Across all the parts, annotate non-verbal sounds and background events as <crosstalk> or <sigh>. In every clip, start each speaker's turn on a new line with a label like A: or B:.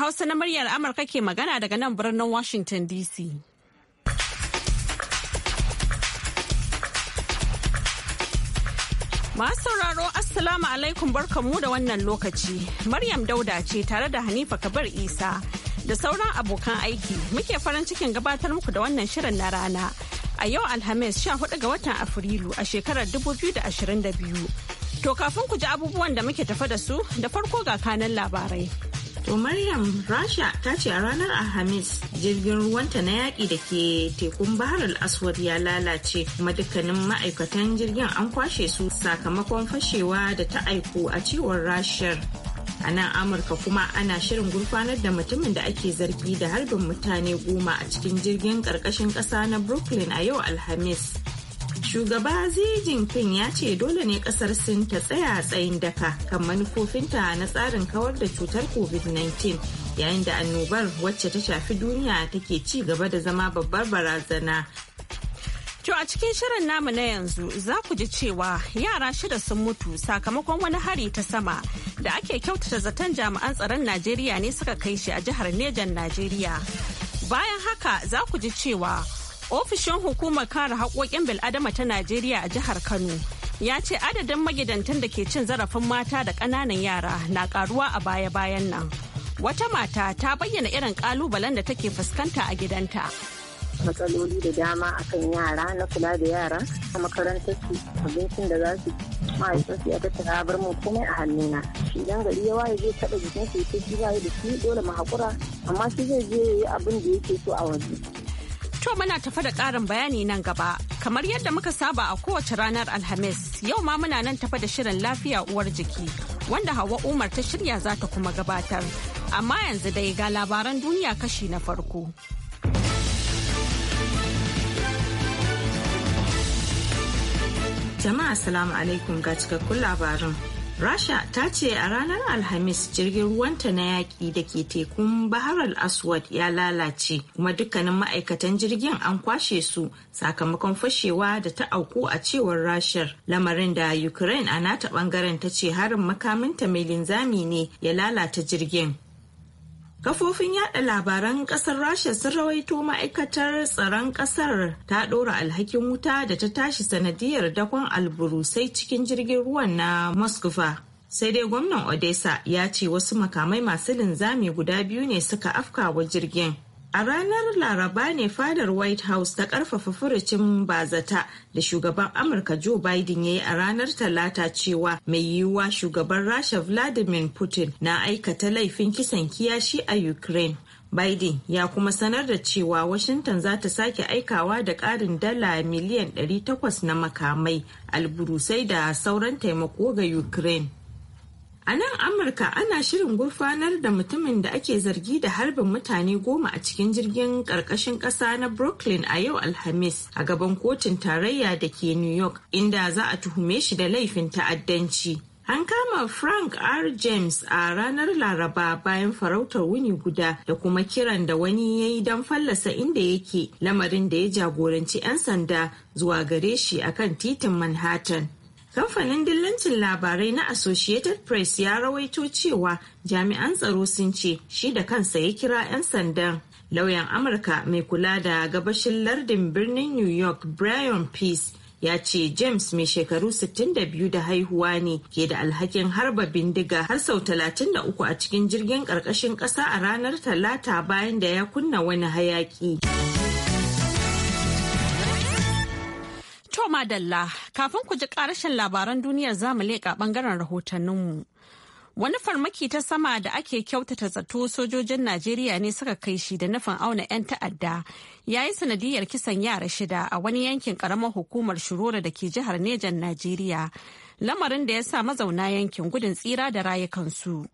A: Hausa na muryar Amurka ke magana daga nan birnin Washington DC. Masu sauraro Assalamu alaikum barkamu da wannan lokaci. Maryam Dauda ce tare da Hanifa Kabir Isa da sauran abokan aiki muke farin cikin gabatar muku da wannan shirin na rana. A yau Alhamis 14 ga watan Afrilu a shekarar 2022. To kafin ku ji abubuwan da muke tafa da su da farko ga kanan labarai. To Maryam Rasha ta ce
B: a ranar Alhamis jirgin ruwanta na yaƙi da ke tekun Bahar al-Aswad ya lalace kuma dukkanin ma'aikatan jirgin an kwashe su sakamakon fashewa da ta aiko a cewar Rashar. A nan Amurka kuma ana shirin gurfanar da mutumin da ake zargi da harbin mutane goma a cikin jirgin ƙarƙashin ƙasa na Brooklyn a yau Alhamis. Shugaba Xi Jinping ya ce dole ne kasar Sin ta tsaya tsayin daka kan manufofinta na tsarin kawar da cutar COVID-19 yayin da annobar wacce ta shafi duniya take ci gaba da zama babbar barazana. To
A: a cikin shirin namu na yanzu za ku ji cewa yara shida sun mutu sakamakon wani hari ta sama da ake kyautata zaton jami'an tsaron Najeriya ne suka kai shi a jihar Nejan Najeriya. Bayan haka za ku ji cewa Ofishin hukumar kare haƙoƙin bil'adama ta Najeriya a jihar Kano ya ce adadin magidantan da ke cin zarafin mata da ƙananan yara na ƙaruwa a baya-bayan nan. Wata mata ta bayyana irin ƙalubalen da take fuskanta a gidanta.
C: Matsaloli da dama akan yara na kula da yara a makarantar su abincin da za su ma'aikaci a tattara bar mu komai a hannuna idan gari ya waye zai taɓa jikin su ya ce shi da shi dole mu haƙura amma shi zai je ya yi abin da yake so a waje
A: To muna tafa da ƙarin bayani nan gaba. Kamar yadda muka saba a kowace ranar Alhamis, yau ma muna nan tafa da shirin lafiya uwar jiki, wanda Hawa Umar ta shirya za ta kuma gabatar. Amma yanzu dai ga labaran duniya kashi na farko.
B: Jama'a salamu alaikum ga cikakkun labarin. Rasha ta ce a ranar Alhamis jirgin ruwanta na yaƙi da ke tekun Bahar al-Aswad ya lalace kuma dukkanin ma'aikatan jirgin an kwashe su sakamakon fashewa da ta auku a cewar Rashar. Lamarin da Ukraine a nata bangaren ta ce harin makaminta mai linzami ne ya lalata jirgin. Kafofin yada labaran kasar Rasha sun rawaito ma'aikatar tsaron kasar ta ɗora alhakin wuta da ta tashi sanadiyar dakon alburusai cikin jirgin ruwan na Moskva. Sai dai gwamnan Odessa ya ce wasu makamai masu linzami guda biyu ne suka afka wa jirgin. A ranar Laraba ne fadar White House ta karfafa furucin bazata da shugaban Amurka Joe Biden ya yi a ranar Talata cewa mai yiwuwa shugaban Rasha Vladimir Putin na aikata laifin kisan kiyashi a Ukraine. Biden ya kuma sanar da cewa Washington za ta sake aikawa da ƙarin dala miliyan 800 na makamai, alburusai da sauran taimako ga Ukraine. A nan Amurka ana shirin gurfanar da mutumin da ake zargi da harbin mutane goma a cikin jirgin ƙarƙashin ƙasa na Brooklyn a yau Alhamis a gaban kotun tarayya da ke New York inda za a tuhume shi da laifin ta'addanci. An kama Frank R. James a ranar Laraba bayan farautar wuni guda da kuma kiran da wani ya yi don fallasa inda yake lamarin da ya jagoranci 'yan sanda zuwa gare shi akan titin Manhattan. Kamfanin dillancin labarai na Associated Press ya rawaito cewa jami'an tsaro sun ce shi da kansa ya kira 'yan sandan. Lauyan Amurka mai kula da gabashin lardin birnin New York Brian Peace ya ce James mai shekaru 62 da haihuwa ne ke da alhakin harba bindiga har sau 33 a cikin jirgin ƙarƙashin ƙasa a ranar Talata
A: bayan da ya kunna wani hayaƙi. To madalla kafin ku ji karashin labaran duniyar zamu leƙa ɓangaren rahotanninmu. Wani farmaki ta sama da ake kyautata zato sojojin Najeriya ne suka kai shi da nufin auna 'yan ta'adda ya yi sanadiyar kisan yara shida a wani yankin karamar hukumar Shirora da ke jihar Nejan Najeriya. Lamarin da ya sa mazauna yankin gudun tsira da rayukansu.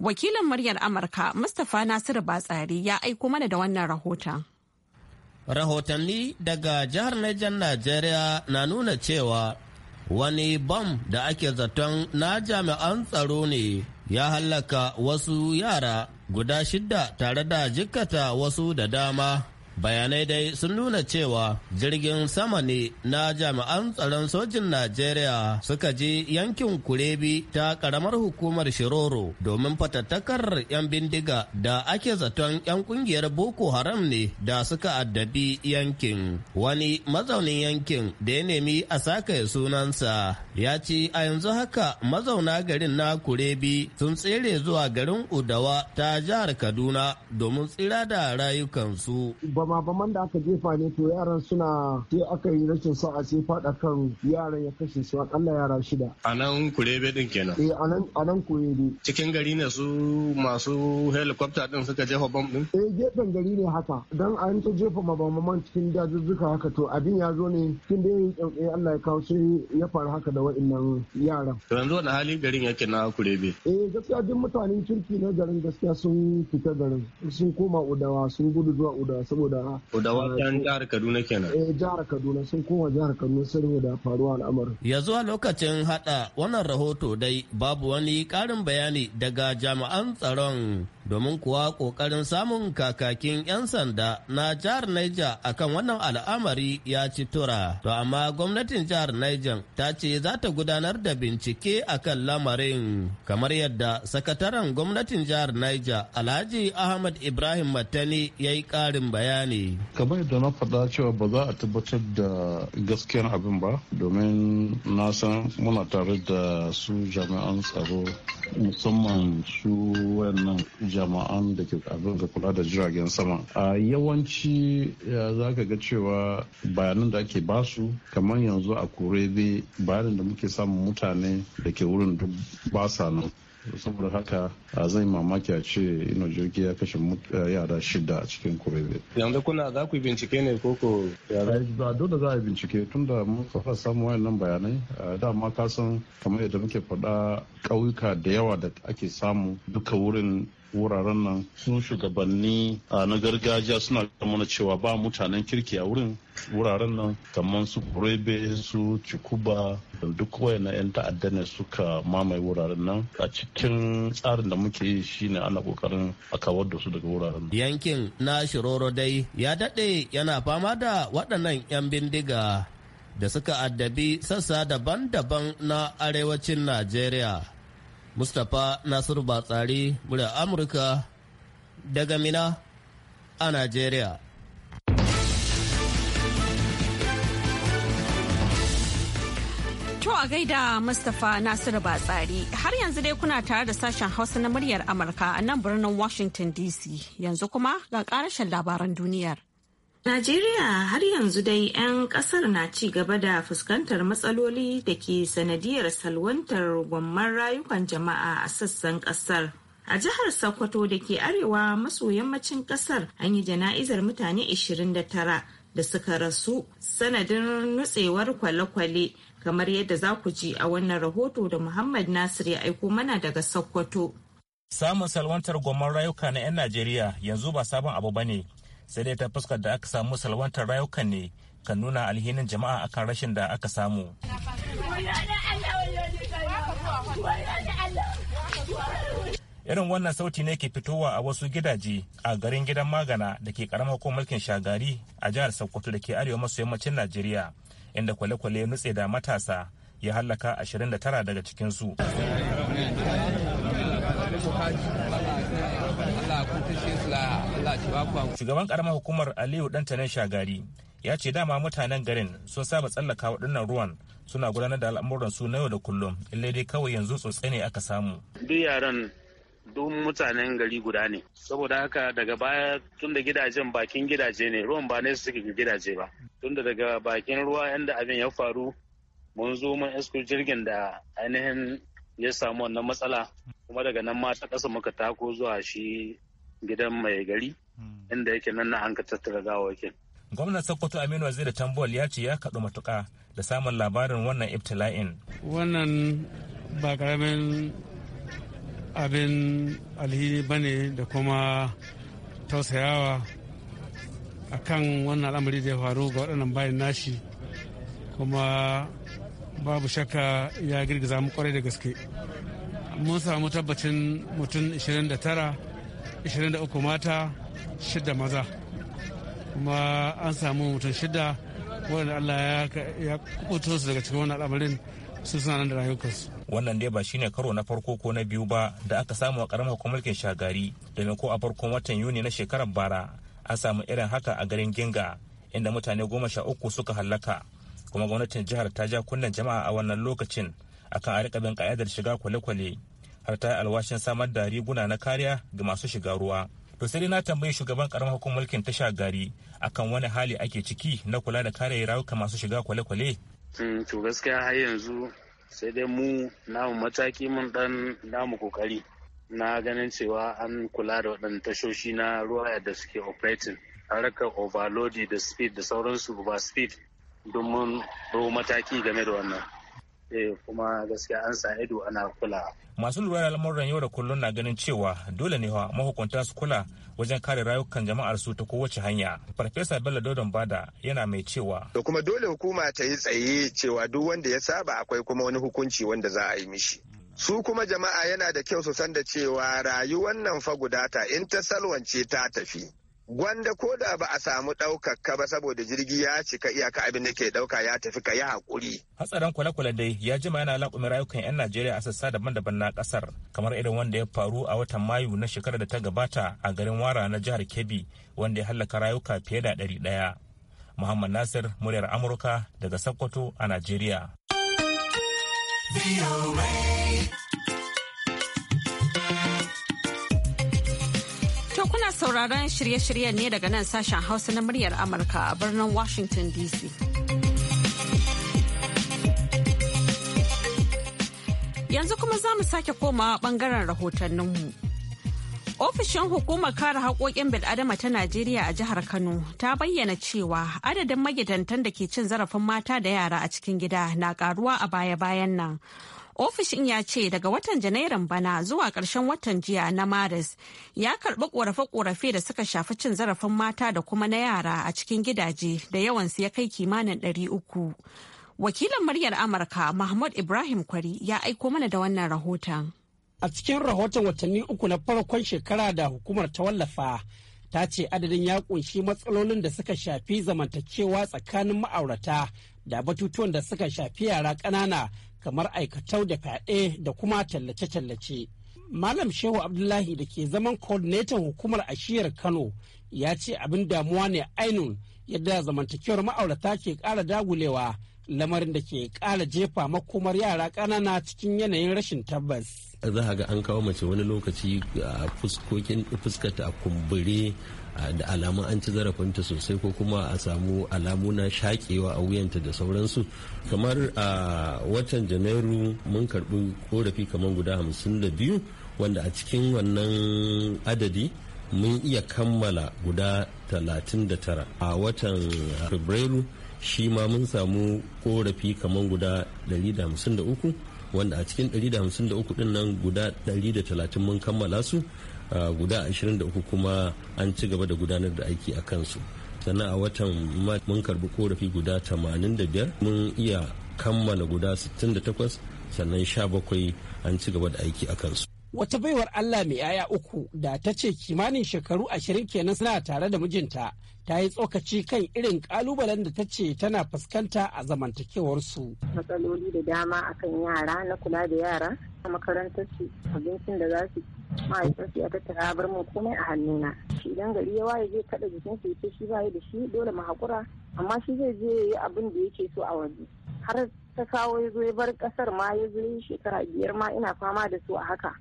A: Wakilin muryar Amurka Mustapha Nasiru Batsari ya aiko mana da wannan rahoton.
D: rahotanni daga jihar Niger Najeriya na nuna cewa wani bam da ake zaton na jami'an tsaro ne ya hallaka wasu yara guda shidda tare da jikkata wasu da dama bayanai dai sun nuna cewa jirgin sama ne na jami'an tsaron sojin najeriya suka je yankin kurebi ta karamar hukumar shiroro domin fatattakar 'yan bindiga da ake zaton 'yan kungiyar boko haram ne da suka addabi yankin wani mazaunin yankin da ya nemi a saka sunansa ya ce a yanzu haka mazauna garin na kurebi sun tsere zuwa garin udawa ta jihar kaduna domin tsira da rayukansu ba man da aka jefa ne to yaran suna sai aka yi rashin sa'a sai fada kan yaran ya kashe su akalla yara shida a nan kurebe din kenan eh a nan kurebe cikin gari ne su masu helicopter din suka jefa bomb din eh gefen gari ne haka dan an ta jefa mabamaman cikin dajujjuka haka to abin ya zo ne cikin da ya eh, Allah ya kawo sai ya faru haka da wa'annan yaran to yanzu wani hali garin yake na kurebe eh gaskiya duk mutanen kirki na garin gaskiya sun fita garin sun koma udawa sun gudu zuwa udawa saboda da wajen jihar kaduna kenan eh jihar kaduna sun koma jihar kaduna saboda faruwa al'amarin ya zuwa lokacin hada wannan rahoto dai babu wani karin bayani daga jami'an tsaron domin kuwa ƙoƙarin samun kakakin 'yan sanda na jihar Niger akan wannan al'amari ya ci tura. To amma gwamnatin jihar Niger ta ce za ta gudanar da bincike akan lamarin kamar yadda sakataren gwamnatin jihar Niger Alhaji Ahmad Ibrahim Matani ya yi ƙarin bayani.
E: Kamar yadda na faɗa cewa ba za a tabbatar da gaskiyar abin ba domin na san muna tare da su jami'an tsaro musamman su wannan jama'an da ke abin da kula da jiragen sama a yawanci eh, za ka ga cewa bayanan da ake basu kamar yanzu a kurebe bayanan da muke samun mutane da ke wurin duk basa nan saboda haka zai mamaki a ce ino jirgi ya kashe eh, yara shida a cikin kurebe yanzu kuna za ku bincike ne ko ko eh, ba dole za a bincike tun da mun fara samu wayannan bayanai eh, dama ka san kamar yadda muke faɗa ƙauyuka da yawa da ake samu duka wurin wuraren nan sun shugabanni na gargajiya suna mana cewa ba mutanen kirki a wurin wuraren nan kamar su kurebe su cikuba duk wayannan 'yan ta'adda ne suka mamaye wuraren nan a cikin tsarin da muke yi shine ana kokarin a kawar da su daga wuraren nan.
D: yankin na shiroro dai ya daɗe yana fama da waɗannan 'yan bindiga da suka addabi sassa daban-daban na arewacin najeriya Mustapha Nasiru Batsari, murya Amurka daga Mina a Najeriya.
A: To a gaida Mustapha Nasiru Batsari har yanzu dai kuna tare da sashen Hausa na muryar Amurka a nan birnin Washington DC yanzu kuma ga karashin labaran duniyar. Najeriya har yanzu dai 'yan kasar na ci
B: gaba da fuskantar matsaloli da ke sanadiyar salwantar gwamman rayukan jama'a a sassan kasar. A jihar Sokoto da ke arewa maso yammacin kasar an yi jana'izar mutane 29 da suka rasu sanadin nutsewar kwale-kwale kamar yadda za ku ji a wannan rahoto da Muhammad Nasir ya aiko
F: mana daga Sokoto. Samun salwantar gwamman rayuka na 'yan Najeriya yanzu ba sabon abu ba ne, sai dai ta fuskar da aka samu salwantar rayukan ne kan nuna alhinin jama'a akan rashin da aka samu. Irin wannan sauti ne ke fitowa a wasu gidaje a garin gidan magana da ke karamar ko mulkin shagari a jihar Sokoto da ke arewa maso yammacin Najeriya inda kwale-kwale ya nutse da matasa ya hallaka 29 daga cikinsu. Shugaban karamar hukumar Aliyu Dantanen Shagari ya ce dama mutanen garin sun saba tsallaka waɗannan ruwan suna gudanar da al'amuran su na yau da kullum illai dai kawai yanzu tsotsai ne aka samu.
G: Duk yaran duk mutanen gari guda ne saboda haka daga baya tun da gidajen bakin gidaje ne ruwan ba ne suke gidaje ba tun da daga bakin ruwa yadda abin ya faru mun zo mun isko jirgin da ainihin ya samu wannan matsala kuma daga nan ma ta ƙasa muka tako zuwa shi gidan mai gari
F: hmm. inda yake nan na hanka tattara gawakin. Gwamnan Sokoto Aminu da Tambol ya ce ya kaɗu matuƙa da samun labarin wannan ibtila'in.
G: Wannan ba ƙaramin abin alhini ba ne da kuma tausayawa a kan wannan al'amari da ya faru ga waɗannan bayan nashi kuma babu shakka ya girgiza mu kwarai da gaske mun samu tabbacin mutum 29 23 mata shida maza kuma an samu mutum shida wanda Allah ya kubuto su daga cikin wannan al'amarin su suna
F: nan da rayukansu. Wannan dai ba shine karo na farko ko na biyu ba da aka samu a karamar mulkin shagari domin ko a farkon watan Yuni na shekarar bara an samu irin haka a garin Ginga inda mutane goma sha uku suka hallaka kuma gwamnatin jihar ta ja kunnen jama'a a wannan lokacin akan a rika ka'idar shiga kwale-kwale har ta yi alwashin samar da riguna na kariya ga masu shiga ruwa to sai na tambayi shugaban karamar hukumar mulkin tasha gari akan wani hali ake ciki na kula da kare rayuka masu shiga kwale-kwale
G: hmm, to gaskiya har yanzu sai dai mu namu mataki mun dan namu kokari na ganin cewa an kula da waɗannan tashoshi na ruwa da suke operating harkar overload da speed da sauransu ba speed don mun mataki game da wannan
D: Eh, kuma gaskiya an sa ido ana kula.
F: Masu lura da lamuran yau da kullum na ganin cewa dole ne mahukunta su kula wajen kare rayukan jama'ar su ta kowace hanya. Farfesa Bello Dodon Bada yana mai cewa. Da kuma dole hukuma ta yi tsaye cewa duk wanda ya saba akwai kuma wani hukunci wanda za a yi mishi. Su kuma jama'a yana da kyau su san da cewa rayuwar nan fa guda ta in ta salwance ta tafi. gwanda ko da ba a samu ɗaukar ka ba saboda jirgi ya cika iyaka abin da ke ɗauka ya tafi ka yi haƙuri. Hatsarin kwale-kwale dai ya jima yana laƙumin rayukan 'yan Najeriya a sassa daban-daban na ƙasar kamar irin wanda ya faru a watan Mayu na shekarar da ta gabata a garin Wara na jihar Kebbi wanda ya hallaka rayuka fiye da ɗari ɗaya. Muhammad Nasir muryar Amurka daga Sokoto a Najeriya.
A: sauraron shirye-shiryen ne daga nan sashen Hausa na muryar Amurka a birnin Washington DC. Yanzu kuma za mu sake komawa bangaren rahotanninmu. Ofishin hukumar kare haƙoƙin bil'adama ta Najeriya a jihar Kano ta bayyana cewa adadin magidantan da ke cin zarafin mata da yara a cikin gida na ƙaruwa a baya-bayan nan. ofishin ya ce daga watan janairun bana zuwa ƙarshen watan jiya na maris ya karɓi ƙorafe korafe da suka shafi cin zarafin mata da kuma na yara a cikin gidaje da yawan su ya kai kimanin ɗari uku. wakilin muryar amurka mahmud ibrahim kwari ya aiko mana da wannan rahoton
H: a cikin rahoton watanni uku na farkon shekara da hukumar ta wallafa ta ce adadin ya kunshi matsalolin da suka shafi zamantakewa tsakanin ma'aurata da batutuwan da suka shafi yara ƙanana kamar aikatau da fyaɗe da kuma tallace-tallace. Malam Shehu Abdullahi da ke zaman coordinator hukumar ashiyar Kano ya ce abin damuwa ne ainun yadda zamantakewar ma'aurata ke ƙara dagulewa lamarin da ke ƙara jefa makomar yara ƙanana cikin yanayin rashin tabbas.
I: Za ga an kawo mace wani lokaci a fuskokin fuskata a kumbure da alamun an ci zarafinta sosai ko kuma a samu alamu na shakewa a wuyanta da sauransu kamar a watan janairu mun karbi korafi kamar guda hamsin da biyu wanda a cikin wannan adadi mun iya kammala guda talatin da tara a watan fabrairu shi ma mun samu korafi kamar guda dari da da hamsin uku wanda a cikin 153 din nan guda 130 mun kammala su guda 23 kuma an ci gaba da gudanar da aiki a kansu sannan a watan mun karbi korafi guda 85 mun iya kammala guda 68 sannan 17 an ci gaba da aiki a kansu
H: wata baiwar Allah mai yaya uku da ta ce kimanin shekaru ashirin kenan suna tare da mijinta ta yi tsokaci kan irin kalubalen da ta ce tana fuskanta a zamantakewarsu.
C: Matsaloli da dama akan yara na kula da yara a makarantar su abincin da za su ma'aikarsu ya tattara bar mu komai a hannuna. Shi idan gari ya waye zai kaɗa jikin su ce shi ba da shi dole mu haƙura amma shi zai je ya yi abin da yake so a waje. Har ta kawo ya zo ya bar ƙasar ma ya zo shekara biyar ma ina fama da su a haka.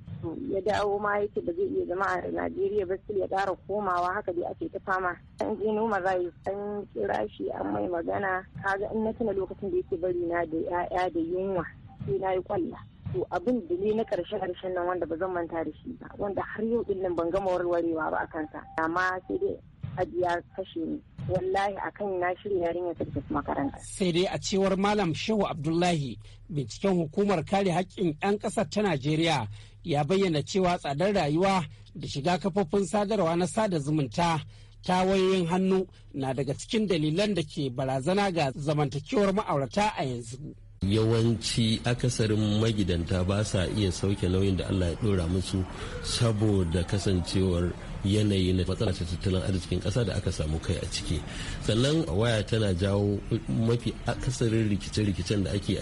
C: ya dawo ma yake da zai iya zama a Najeriya ba sai ya ƙara komawa haka dai ake ta fama an je noma zai an kira shi an mai magana kaga in na tuna lokacin da yake bari na da 'ya'ya da yunwa sai na yi kwalla to abin da ne na karshe karshen nan wanda ba zan manta da shi ba wanda har yau din nan ban gama warwarewa ba a kansa amma sai dai ajiya kashe ni wallahi kan na shirya yarinya ta tafi
H: makaranta sai dai a cewar malam shehu abdullahi binciken hukumar kare haƙƙin 'yan ƙasar ta najeriya ya bayyana cewa tsadar rayuwa da shiga kafofin sadarwa na sada zumunta ta wayoyin hannu na daga cikin dalilan da ke barazana ga zamantakewar ma'aurata a yanzu
I: yawanci akasarin magidanta ba sa iya sauke nauyin da allah ya dora musu saboda kasancewar yanayi na matsala ta tattalin arzikin kasa da aka samu kai a ciki sannan waya tana jawo mafi akasarin rikice-rikicen da ake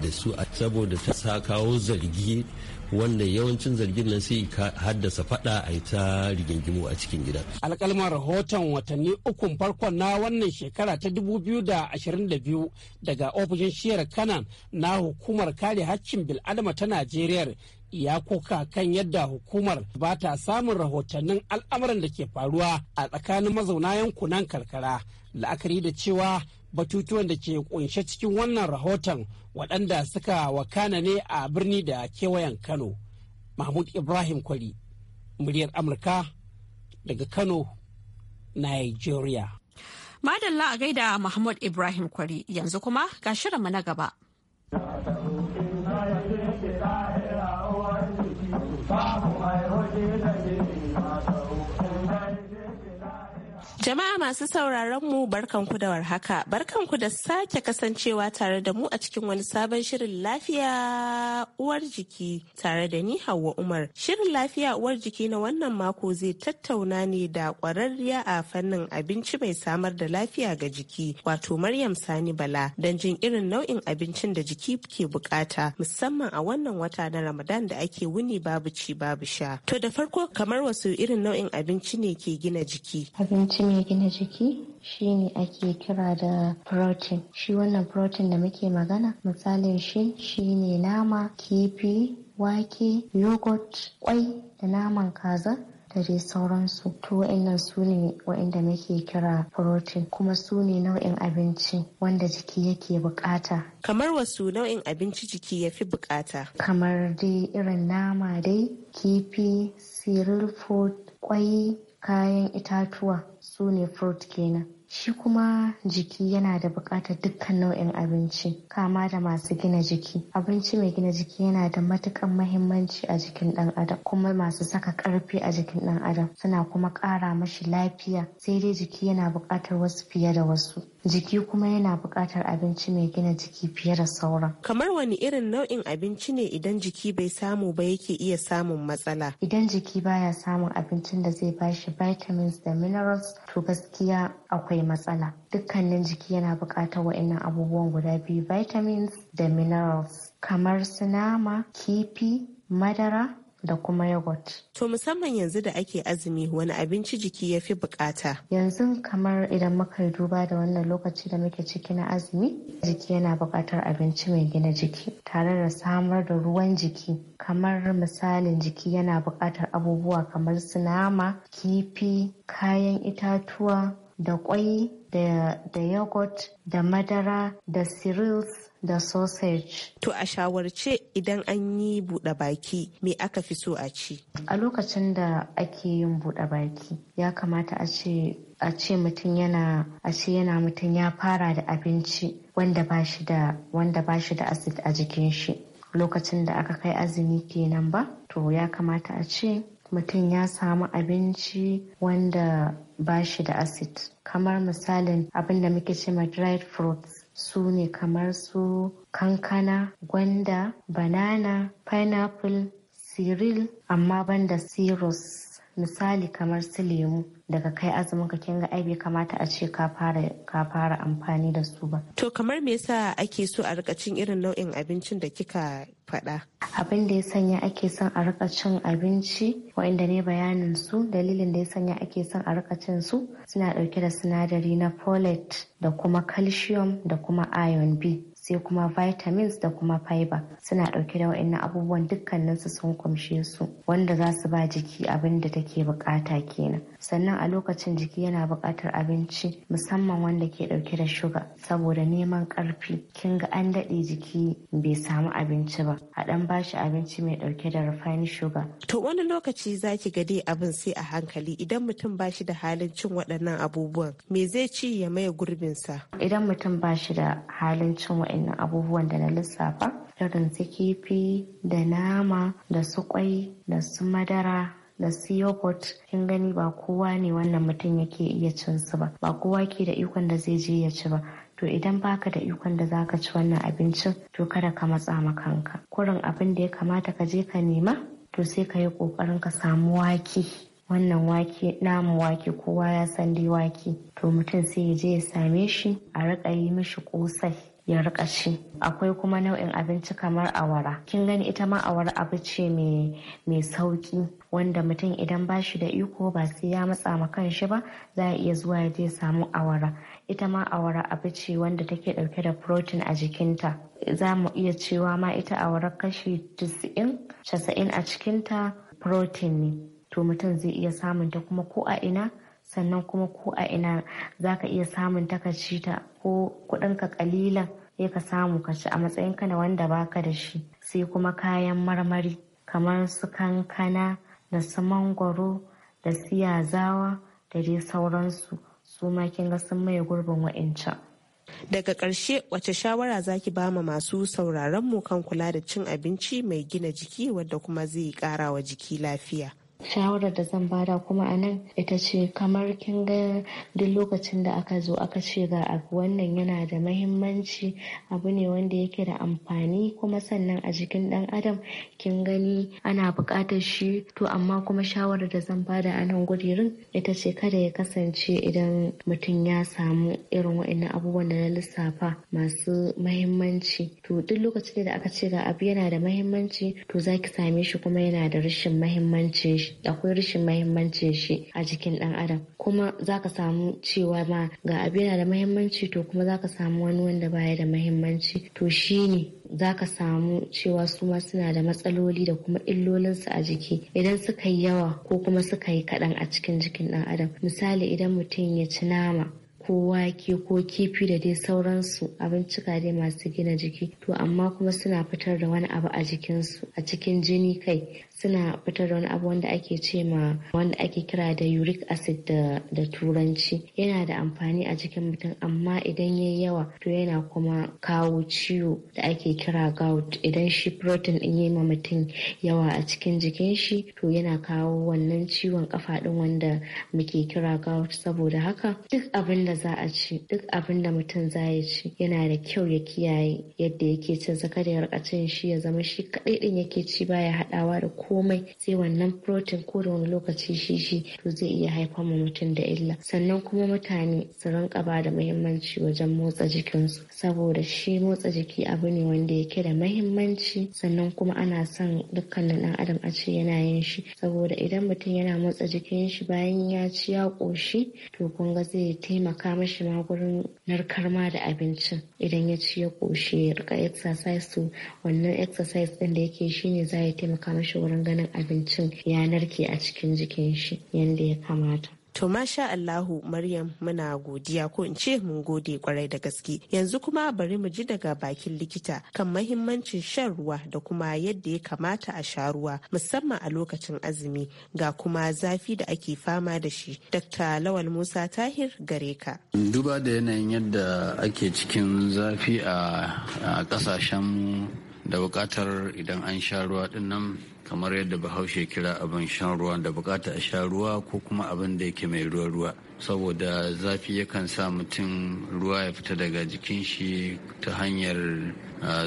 I: da su saboda ta sa kawo zargi wanda yawancin zargin nan sai haddasa fada a ta rigingimu a cikin gida.
H: alkalman rahoton watanni ukun farkon na wannan shekara ta 2022 daga ofishin shiyar kanan na hukumar kare haƙƙin bil'adama ta najeriya ya kuka kan yadda hukumar ba ta samun rahotannin al'amuran da ke faruwa a tsakanin mazauna yankunan karkara la'akari da cewa batutuwan da ke kunshe cikin wannan rahoton waɗanda suka wakana ne a birni da kewayen kano mahmud ibrahim kwari muryar amurka daga kano nigeria
A: madalla a gaida mahmud ibrahim kwari yanzu kuma ga shirin mu na gaba
J: 迈开你的金马头。Jama'a masu sauraron mu barkanku da warhaka, barkanku da sake kasancewa tare da mu a cikin wani sabon shirin lafiya uwar jiki tare da ni Hauwa Umar. Shirin lafiya uwar jiki na wannan mako zai tattauna ne da kwararriya a fannin abinci mai samar da lafiya ga jiki, wato Maryam Sani Bala, don jin irin nau'in abincin da jiki ke bukata musamman a wannan wata na Ramadan da ake wuni babu ci babu sha. To da farko kamar wasu irin nau'in abinci ne ke gina jiki?
K: Abinci abinci mai gina jiki shi ne ake kira da protein shi wannan protein da muke magana misalin shi shine nama kifi wake yogurt kwai da naman kaza da dai sauransu to wa'annan su ne wa'anda muke kira protein kuma su ne nau'in abinci wanda jiki yake bukata
J: kamar wasu nau'in abinci jiki ya fi bukata
K: kamar dai irin nama dai kifi cereal food kwai kayan itatuwa su ne fruit kenan shi kuma jiki yana da buƙatar dukkan nau'in abinci kama da masu gina jiki abinci mai gina jiki yana da matukan mahimmanci a jikin ɗan adam kuma masu saka ƙarfi a jikin ɗan adam suna kuma ƙara mashi lafiya sai dai jiki yana buƙatar wasu fiye da wasu jiki kuma yana buƙatar abinci mai gina jiki fiye da sauran.
J: Kamar wani irin nau'in abinci ne idan jiki bai samu ba yake iya samun matsala?
K: Idan jiki baya samun abincin da zai bashi vitamins da minerals to gaskiya akwai matsala. Dukkanin jiki yana buƙatar wa'annan abubuwan guda biyu vitamins da minerals kamar su nama, kifi, madara, da kuma yogurt.
J: To musamman yanzu da ake azumi wani abinci jiki ya fi bukata.
K: Yanzu kamar idan muka yi duba da wannan lokaci da muke ciki na azumi, jiki yana bukatar abinci mai gina jiki tare da samar da ruwan jiki. Kamar misalin jiki yana bukatar abubuwa kamar su nama, kifi, kayan itatuwa, da kwai, da yogurt, da madara, da cereals da sausage. To a
J: shawarce idan an yi buɗe baki me aka fi so a ci?
K: A lokacin da ake yin buɗe baki ya kamata a ce a ce mutum yana a ce yana mutum ya fara da abinci wanda ba shi da wanda ba shi da acid a jikin shi lokacin da aka kai azumi kenan ba to ya kamata a ce mutum ya samu abinci wanda ba shi da acid kamar misalin abin da muke ce dried fruits su ne kamar su kankana gwanda banana pineapple cyril amma banda cirrus misali kamar su lemu daga kai azumin ka kinga ai bai kamata a ce ka fara ka fara amfani da su ba
J: to kamar me yasa ake so a rika cin irin nau'in abincin da kika faɗa
K: abin da ya sanya ake son a rika cin abinci wa'inda ne bayanin su dalilin da ya sanya ake son a rika cin su suna ɗauke da sinadari na folate da kuma calcium da kuma iron b sai kuma vitamins da kuma fiber suna ɗauke da waɗannan abubuwan dukkaninsu sun kumshe su wanda za su ba jiki abin da take bukata kenan sannan a lokacin jiki yana bukatar abinci musamman wanda ke ɗauke da shuga saboda neman karfi kin ga an daɗe jiki bai samu abinci ba a ɗan bashi abinci mai ɗauke da refined sugar.
J: to wani lokaci zaki ga dai abin sai a hankali idan mutum bashi da halin cin
K: waɗannan abubuwan me zai ci ya maye gurbinsa. idan mutum bashi da halin cin wa'annan abubuwan da na lissafa irin su kifi da nama da su kwai da su madara da su yogurt kin gani ba kowa ne wannan mutum yake iya cin su ba ba kowa ke da ikon da zai je ya ci ba to idan baka da ikon da zaka ci wannan abincin to kada ka matsa ma kanka kurin abin da ya kamata ka je ka nema to sai ka yi kokarin ka samu wake wannan wake namu wake kowa ya san dai wake to mutum sai ya je ya same shi a riƙa yi mishi kosai ya rika ci akwai kuma nau'in abinci kamar awara kin gani ita ma awara abu ce mai sauki wanda mutum idan ba shi da iko ba sai ya matsa ma kan shi ba za a iya zuwa ya je samu awara ita ma awara abu ce wanda take dauke da protein a jikinta za mu iya cewa ma ita awara kashi 90 90 a cikinta protein ne to mutum zai iya samunta kuma ko a ina sannan kuma ko a ina za ka iya samun takaci ta ko kuɗinka kalilan ya ka samu ka ci a matsayinka na wanda baka da shi sai kuma kayan marmari kamar su kankana da su mangwaro da su yazawa da dai sauransu su ma kin ga sun maye gurbin wa'incan.
J: Daga ƙarshe wace shawara zaki ba ma masu sauraron mu kan kula da cin abinci mai gina jiki wadda kuma zai ƙara wa jiki lafiya?
K: shawarar da zan bada kuma a nan ita ce kamar kin ga duk lokacin da aka zo aka ce ga abu wannan yana da mahimmanci abu ne wanda yake da amfani kuma sannan a jikin dan adam kin gani ana buƙatar shi to amma kuma shawarar da zan bada a nan gudirin ita ce kada ya kasance idan mutum ya samu irin wa'annan abubuwan da na lissafa masu mahimmanci to duk lokacin da aka ce ga abu yana da mahimmanci to zaki same shi kuma yana da rashin mahimmancin shi akwai rashin mahimmancin shi a jikin dan adam kuma zaka samu cewa ma ga abu yana da mahimmanci to kuma zaka samu wani wanda baya da mahimmanci to shi za zaka samu cewa su ma suna da matsaloli da kuma illolinsu a jiki idan suka yi yawa ko kuma suka yi kaɗan a cikin jikin ɗan adam misali idan mutum ya ci nama ko wake ko kifi da dai sauransu abincika dai masu gina jiki to amma kuma suna fitar da wani abu a jikinsu a cikin jini kai suna fitar da wani abu wanda ake ce ma wanda ake kira da uric acid da turanci yana da amfani a jikin mutum amma idan ya yi yawa to yana kuma kawo ciwo da ake kira gout idan shi protein din yi ma mutum yawa a cikin jikin shi to yana kawo wannan ciwon kafa din wanda muke kira gout saboda haka duk abin da za a ci duk abin da mutum za ya ci yana da kyau ya kiyaye yadda yake cin zakar kada ya rika cin shi ya zama shi kaɗai din yake ci baya hadawa da komai sai wannan protein ko da wani lokaci shi shi to zai iya haifar ma mutum da illa sannan kuma mutane su rinka ba da muhimmanci wajen motsa jikinsu saboda shi motsa jiki abu ne wanda yake da muhimmanci sannan kuma ana son dukkanin ɗan adam a ce yana yin shi saboda idan mutum yana motsa jikin shi bayan ya ci ya ƙoshi to kun ga zai taimaka mashi ma gurin narkar ma da abincin idan ya ci ya koshi ya rika exercise to wannan exercise ɗin da yake shi ne za ya taimaka mashi wurin kokarin ganin abincin ya narke a cikin jikin shi yadda ya kamata To masha Allahu
J: Maryam muna godiya ko in ce mun gode kwarai da gaske. Yanzu kuma bari mu ji daga bakin likita kan mahimmancin shan ruwa da kuma yadda ya kamata a sha ruwa musamman a lokacin azumi ga kuma zafi da ake fama da shi. Dr. Lawal Musa Tahir gareka.
I: Duba da yanayin yadda ake cikin zafi a kasashen da bukatar idan an sha ruwa dinnan kamar yadda bahaushe kira abin shan ruwa da bukata a sha ruwa ko kuma abin da yake mai ruwa ruwa saboda zafi yakan sa mutum ruwa ya fita daga jikin shi ta hanyar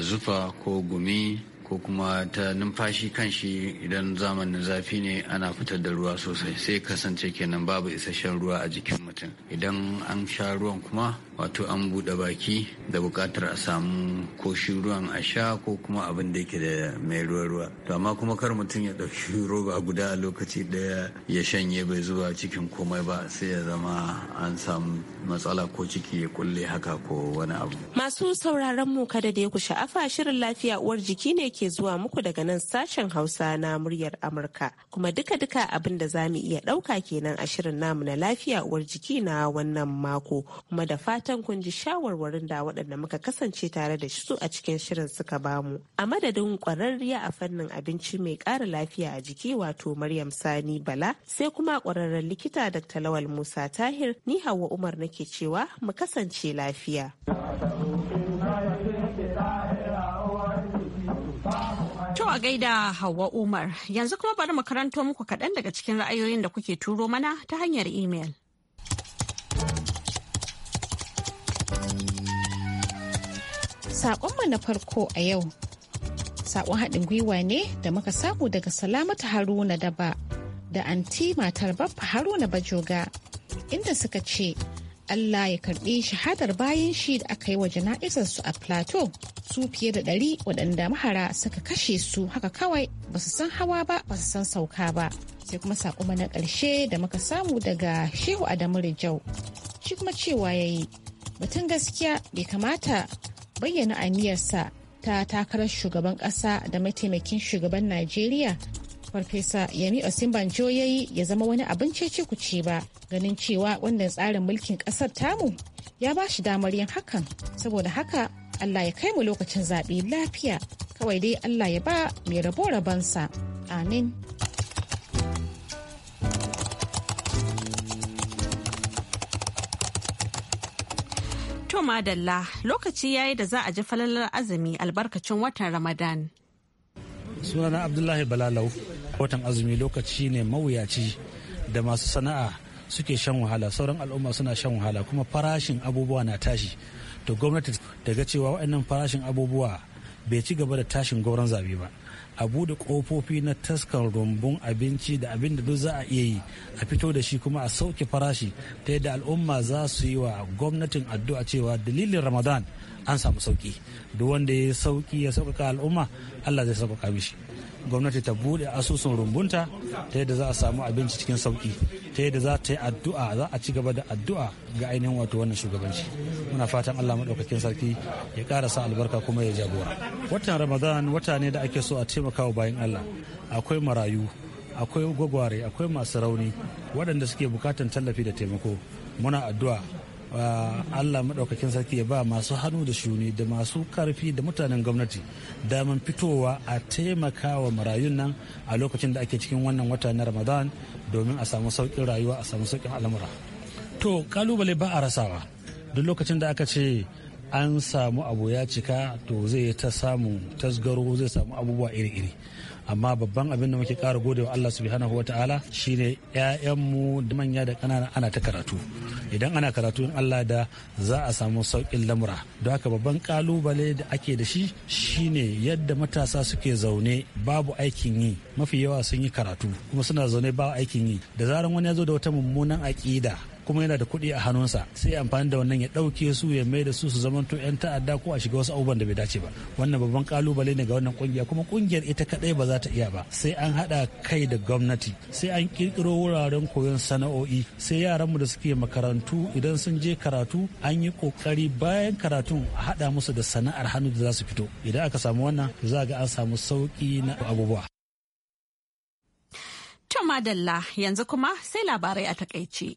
I: zufa ko gumi ko kuma ta numfashi kan shi idan zamanin zafi ne ana fitar da ruwa sosai sai kasance kenan babu isasshen ruwa a jikin mutum idan an sha ruwan kuma wato an buɗe baki da buƙatar a samu ko ruwan a sha ko kuma abin da yake da mai ruwa-ruwa to amma kuma kar mutum ya ɗauki <laughs> roba guda a lokaci ɗaya ya shanye bai zuwa cikin komai ba sai ya zama an samu matsala ko ciki ya kulle haka ko wani abu
J: masu sauraron mu kada da ya ku sha'afa shirin lafiya uwar jiki ne ke zuwa muku daga nan sashen hausa na muryar amurka kuma duka-duka abin da za mu iya ɗauka kenan a shirin namu na lafiya uwar jiki na wannan mako kuma da fata fatan kun ji shawarwarin da waɗanda muka kasance tare da su a cikin shirin suka bamu. A madadin ƙwararriya a fannin abinci mai ƙara lafiya a jiki wato Maryam Sani Bala sai kuma ƙwararren likita Dr. Lawal Musa Tahir ni hawa Umar nake cewa mu kasance lafiya.
A: To a gaida hawa Umar yanzu kuma bari mu karanto muku kaɗan daga cikin ra'ayoyin da kuke turo mana ta hanyar imel.
J: Saƙonmu na farko a yau. Saƙon haɗin gwiwa ne da muka samu daga Salamatu Haruna Daba da anti matar Baffa Haruna Bajoga inda suka ce Allah ya karɓi shahadar bayan shi da aka yi wa jana'izarsu a Plateau su fiye da ɗari waɗanda mahara suka kashe su haka kawai ba su san hawa ba ba su san sauka ba. Sai kuma saƙoma na ƙarshe da muka samu daga Shehu Adamu Rijau. Shi kuma cewa ya yi batun gaskiya bai kamata bayyana aniyarsa ta takarar shugaban ƙasa da mataimakin shugaban Najeriya Farfesa Yemi Osinbanjo ya yi ya zama wani abin cece ce ba ganin cewa wannan tsarin mulkin ƙasar tamu ya ba shi damar yin hakan saboda haka Allah ya kai mu lokacin zaɓe lafiya kawai dai Allah ya ba mai rabo rabansa. Amin.
A: To madalla lokaci yayi da za a ji falalar azumi albarkacin watan Ramadan.
G: Sunana Abdullahi Balalau watan azumi lokaci ne mawuyaci da masu sana'a suke shan wahala sauran al'umma suna shan wahala kuma farashin abubuwa na tashi to gwamnati daga cewa waɗannan farashin abubuwa bai ci gaba da tashin gauran zabe ba a bude kofofi na taskar rumbun abinci da abin da duk za a iya yi a fito da shi kuma a sauke farashi ta yadda al'umma za su yi wa gwamnatin addu'a cewa dalilin ramadan an samu sauki duk wanda ya sauki ya sauƙaƙa al'umma allah zai sauƙaƙa mishi gwamnati ta bude asusun rumbunta ta yadda za a samu abinci cikin sauki ta yadda za ta yi addu'a za a ci gaba da addu'a ga ainihin wato wannan shugabanci muna fatan Allah maɗaukakin sarki ya sa albarka kuma ya jagora watan ramadan wata ne da ake so a taimakawa bayan Allah akwai marayu akwai gwagware akwai masu rauni waɗanda suke bukatan tallafi da taimako muna addu'a Allah maɗaukakin sarki ya ba masu hannu da shuni da masu karfi da mutanen gwamnati daman fitowa a taimaka wa marayun nan a lokacin da ake cikin wannan wata na Ramadan domin a samu sauƙin rayuwa a samu sauƙin al'amura. To kalubale ba a rasawa duk lokacin da aka ce an samu abu ya cika to zai ta samu tasgaro zai samu abubuwa iri-iri. amma babban abin da muke kara gode wa Allah subhanahu wa ta'ala shine ƴaƴanmu da manya da ƙanana ana ta karatu idan ana karatu in Allah da za a samu sauƙin lamura don haka babban kalubale da ake da shi shine yadda matasa suke zaune babu aikin yi mafi yawa sun yi karatu kuma suna zaune babu aikin yi da zaran wani ya zo da wata mummunan aƙida kuma yana da kuɗi a hannunsa sai amfani da wannan ya ɗauke su ya mai da su su zamanto 'yan ta'adda ko a shiga wasu abubuwan da bai dace ba wannan babban kalubale ne ga wannan kungiya kuma kungiyar ita kaɗai ba za ta iya ba sai an haɗa kai da gwamnati sai an kirkiro wuraren koyon sana'o'i sai yaran mu da suke makarantu idan sun je karatu an yi kokari bayan karatun a haɗa musu da sana'ar hannu da za su fito idan aka samu wannan za ga an samu sauƙi na abubuwa
A: To madalla yanzu kuma sai labarai a takaice.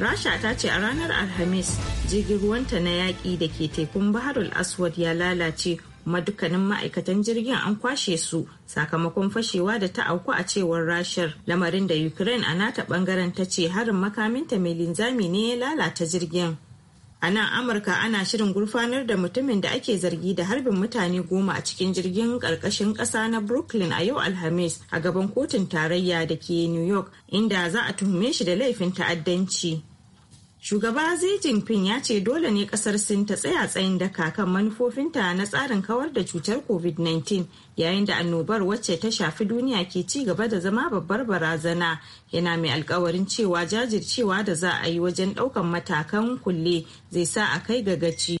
B: rasha ta ce a ranar alhamis jirgin ruwanta na yaƙi da ke tekun baharul aswad ya lalace kuma dukkanin ma'aikatan jirgin an kwashe su sakamakon fashewa da ta auku a cewar rashar lamarin da ukraine a nata bangaren ta ce harin makaminta mai linzami ne ya lalata jirgin A nan Amurka ana shirin gurfanar da mutumin da ake zargi da harbin mutane goma a cikin jirgin ƙarƙashin ƙasa na Brooklyn a yau Alhamis a gaban kotun tarayya da ke New York inda za a tuhume shi da laifin ta'addanci. Shugaba Xi Jinping ya ce dole ne kasar Sin ta tsaya tsayin daka kan manufofinta na tsarin kawar da cutar COVID-19 yayin da annobar wacce ta shafi duniya ke ci gaba da zama babbar barazana yana mai alkawarin cewa jajircewa da za a yi
A: wajen ɗaukan matakan kulle zai sa a kai ga gaci.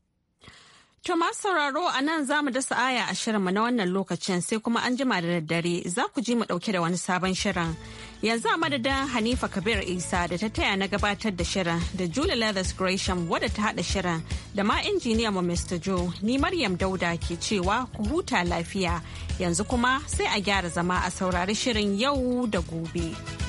A: To masu sauraro a nan za mu dasa aya a shirinmu na wannan lokacin sai kuma an jima da daddare za ku ji mu ɗauke da wani sabon shirin. yanzu a madadin hanifa kabir isa da ta taya na gabatar da shirin da julie leathers gresham wadda ta haɗa shirin da ma injiniya mu mr joe ni maryam dauda ke cewa ku huta lafiya yanzu kuma sai a gyara zama a saurari shirin yau da gobe.